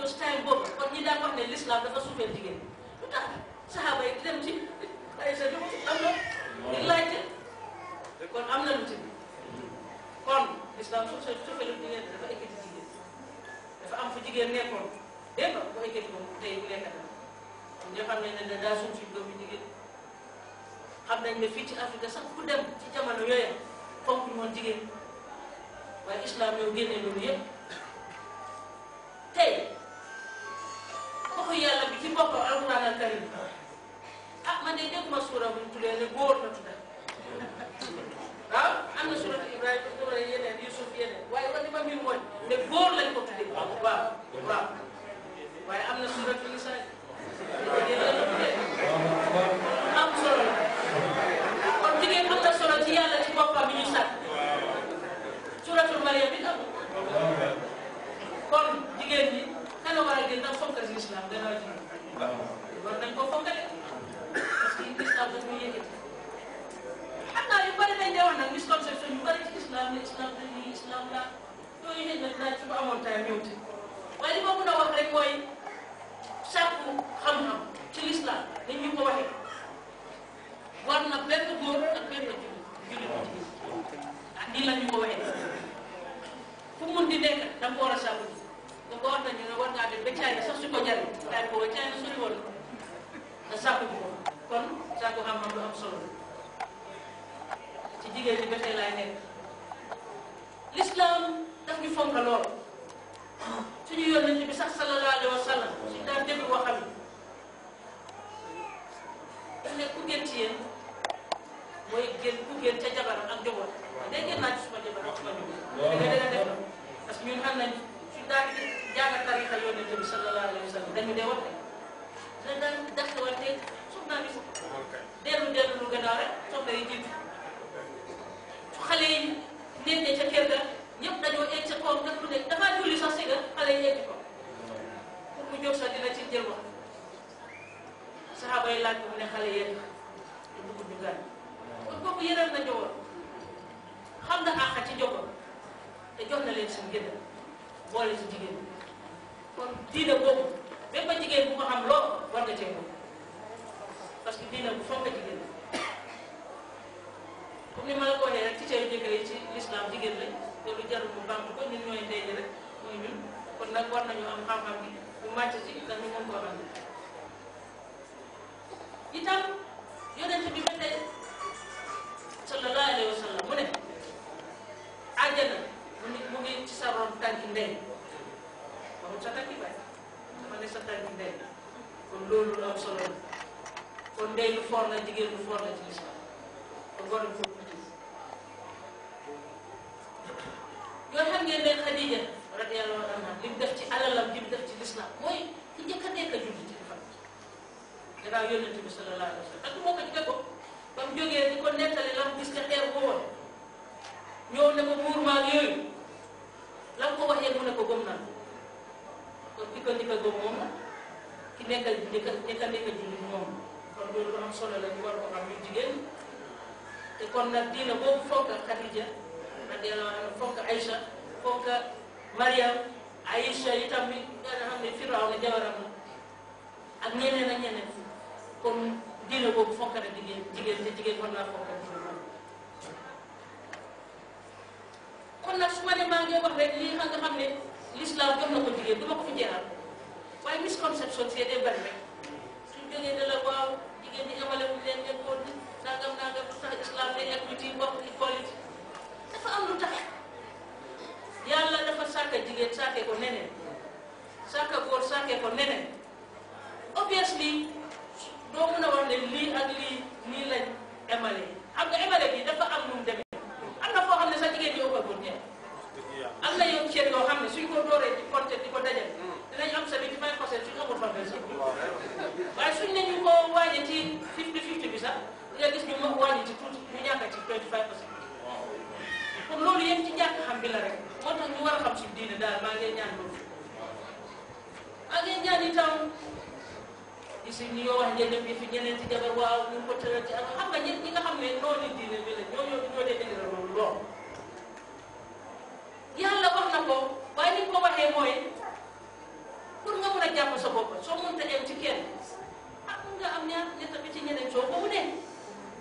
ko si time boobu kon ñi daan wax ne l'islam dafa suufeel jigéen lu tax saxaaba yi dem ci ay sa kon am na lu ci kon l'islam suufeel suufeelu dafa ekkati jigéen dafa am fu jigéen nekkoon dégg nga bu ekkati moom tey bu lekk na xam ne ne nañ ne fii ci Afrique sax ku dem ci jamono yooya fonk ñu woon jigéen waaye islam yow génnee loolu yëpp oder wenn du deine Gurne amoon temps ñëw ci waaye li ma mën a wax rek mooy sàkku xam-xam ci lislaam ni ñu ko waxee na benn góor ak benn jullit jullit la ñu ko waxee fu mun di nekk da nga ko war a sàkku ji nga ko wax nañu ne war ko jëlee caay boobu caay na sori woon nga sàkku ji ko kon sàkku xam-xam lu am solo ci jigéen ñi ba tey laay nekk l'islam daf suñu yónnent bi sax sallallahu alayhi wa sallam suñu daan déglu waxam yi ku gën ci yéen mooy gën ku gën ca jabaram ak a day gën naa ci suma jabar ak suma njaboot nga dina def parce que ñun xam nañ suñu daan jàng tarixa yónnent bi sallallahu alayhi wa sallam dañu dee wax dina daan dàqwante soxna bi dellu dellu lu gannaaw rek soxna yi jiitu su xale yi nekk ca kër ga diine boobu même ba jigéen bu ko loo lool war nga cee bokk parce que diine bu fonk jigéen comme ni ma la ko waxee rek ci cër yu jëkkër yi ci l'islam jigéen lañ loolu jarul mu bànk ko ñun ñooy ndey rek muy ñun kon nag war nañu am xam-xam bi bu màcc ci ndax ñu mën koo ànd itam yonent bi ba tey sallallahu alayhi wa sallam mu ne àjjana mu ngi mu ci sa ron tànki ndey warul sa teg sa kon loolu lu am solo la kon ndey lu for la jigéen lu for la ci lislaam kon war nañ koo uti yoo xam ngeen ne Xadija radiyallahu anha li mu def ci alalam bi mu def ci lislaam mooy ki njëkk a nekk a julli ci fan gannaaw yónnent bi sallallahu alayhi wa sallam ak moo ko jëkk ko ba mu jógee ko nettali la mu gis ca xeer boobu ñëw ne ko buur maag yooyu nekkal nekkal nekkal nekk jullit ñoom kon loolu am solo la ñu war ko xam ñu jigéen te kon nag diina boobu fonk Khadija radiyallahu anha fonk Aïcha fonk Mariam Aïcha itam bi nga xam ne Firaw na jabaram la ak ñeneen ak ñeneen kon diina boobu fonk na jigéen jigéen te jigéen war naa fonk kon nag su ma ne maa ngi wax rek lii nga xam ne jox na ko jigéen du ma ko fi jeexal waaye misconception si yéen day bari rek suñ jógee ne la xam ci diine daal maa ngi ñaan loolu maa ngi ñaan itam gis ñi nga wax njëriñ bi fi ñeneenti jabar waaw ñu ko tëral ci ak xam nga ñi ñi nga xam ne noonu diine bi la ñoo ñoo ñoo dee indil loolu lool yàlla wax na ko waaye ni ko waxee mooy pour nga mën a jàpp sa bopp soo mënta dem ci kenn a ah, mun nga am ñaar ñett bi ci ñeneen soo ko mënee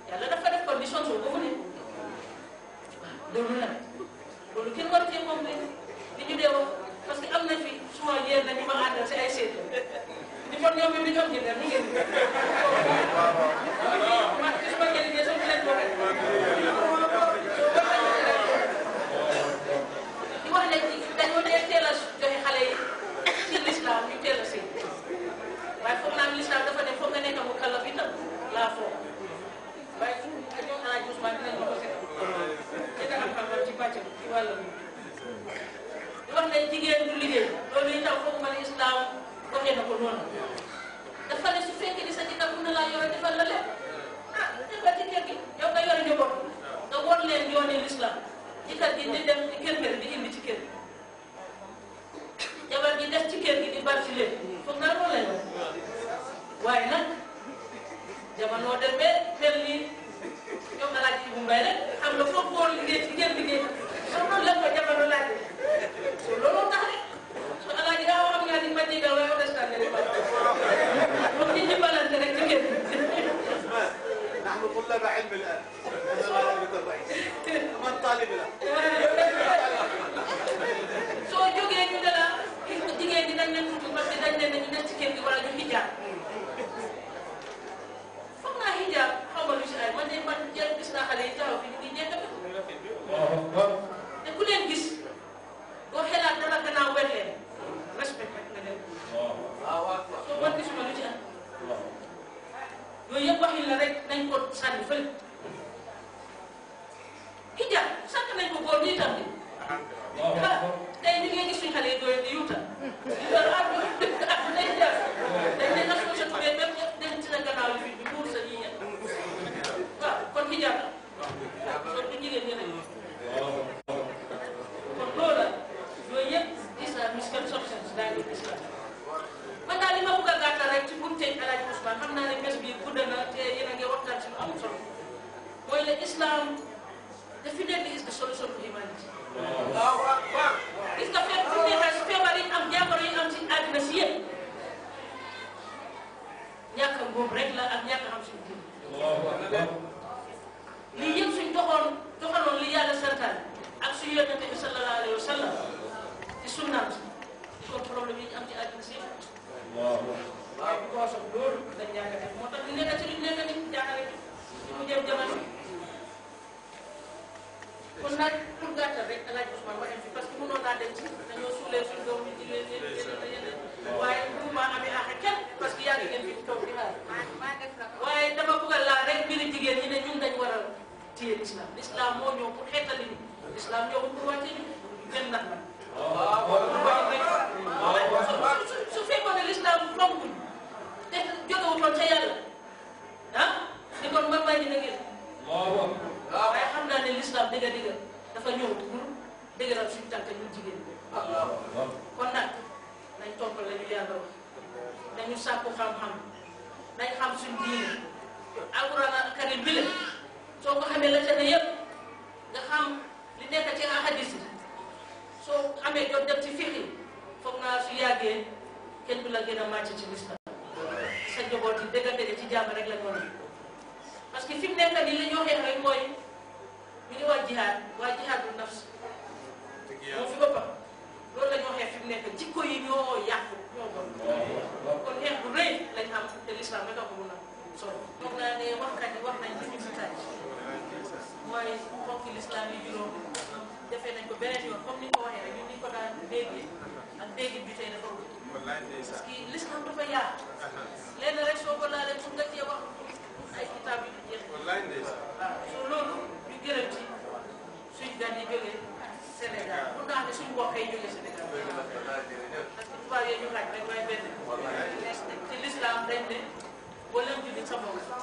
yàlla dafa def condition soo ko mënee waaw loolu la loolu kenn war cee moom vidéo parce que am na fi souvent yéen dañu ma àndal si ay séeréer di foog ñoom ñu di ñoom ñu dem ñu ngeen di. man su ma jëlee sax mu leen bokkee. di wax ne dañoo dee teel a joxe xale yi ci lislaam ñu teel a sëy waaye foog naa lislaam dafa ne foog nga nekk mu kàlla bi tam laa foog waaye su ak ñoom El Hadj Ousmane dinañ ma ko seet. dina am xam-xam ci bàccam ci wàllu. ne jigéen du liggéey loolu itam foog man islam waxee na ko noonu dafa ne su fekkee ni sa jëkkër mun na laa yore defal la lépp ah dëggal ci kër gi yow nga yore njaboot nga won leen yooni l'islam jëkkër gi di dem ci kër di indi hijab sant nañ ko góor ñi tam bi ah tey ñu ngi gis suñu xale yi doole di yuuta di doon ak ak lay def dañ ne nag monsieur Touré même dañ ci bi ñu sa ñii waaw kon hijab la waaw kon du jigéen kon loola yooyu yëpp islam misconceptions daal di islam man daal li ma bëgg a gàttal rek ci bu mu tëj El Hadj Ousmane xam naa ne te yéen a ngi waxtaan ci lu am solo islam. definitely is the solution to humanity. waaw waaw gis nga feebar fu neexee su feebar yi am jàngoro yi am si àddina si yëpp ñàkk a ngóob rek la ak ñàkk a xam suñu diin. lii yëpp suñ doxoon doxaloon li yàlla santaane ak su yonente bi sallallahu alayhi wa sallam ci sunnaam kon problème yi ñu am ci àddina si yëpp. waaw waaw bu ko soxla loolu dañ ñàkk a def moo tax li l'islam moo ñëw pour xeetali ñu l'islam ñëw pour wàcce ñu gën nag nag su fekkoon ne l'islam ronguñ te jógewutoon ca yàlla ah di kon ma bàyyi na ngeen waaw waaye xam naa ne l'islam dëgga dëgga dafa ñëw pour dëgëral suñu tànk ñu jigéen kon nag nañ topp la ñu yàlla wax nañu sàkku xam-xam nañ xam suñu diine alquran karim bi la soo ko xamee la ca ne yëpp nga xam li nekk ci ahadis bi soo xamee jot dem ci fiqi foog naa su yàggee kenn du la gën a màcc ci lislam sa njaboot yi dëgg dëgg ci jàmm rek la ko parce que fi mu nekk nii li ñoo xeex rek mooy ñu ngi wax jihaad waaye jihaadul nafs moom fi boppam loolu la xeex fi mu nekk jikko yi ñoo yàqu ñoo kon xeex bu rëy lañ am te lislam rek a ko mun a waaye mbokki lislaam yi juróom defee nañ ko beneen yoon comme ni nga ko waxee rek ñun ni ñu ko daan déggee ak déggin bi tey dafa wut parce que lislaam dafa yaatu uh-huh. lenn rek soo ko laalee pour nga cee wax ay kitaab yu jeex waaw soo loolu ñu gërëm ci suñ gan yi jógee Sénégal mun naa ne suñ mbokk yi jógee Sénégal parce que tubaab yooyu ñu laaj rek waaye benn ci lislaam dañ ne boo leen julli sa bopp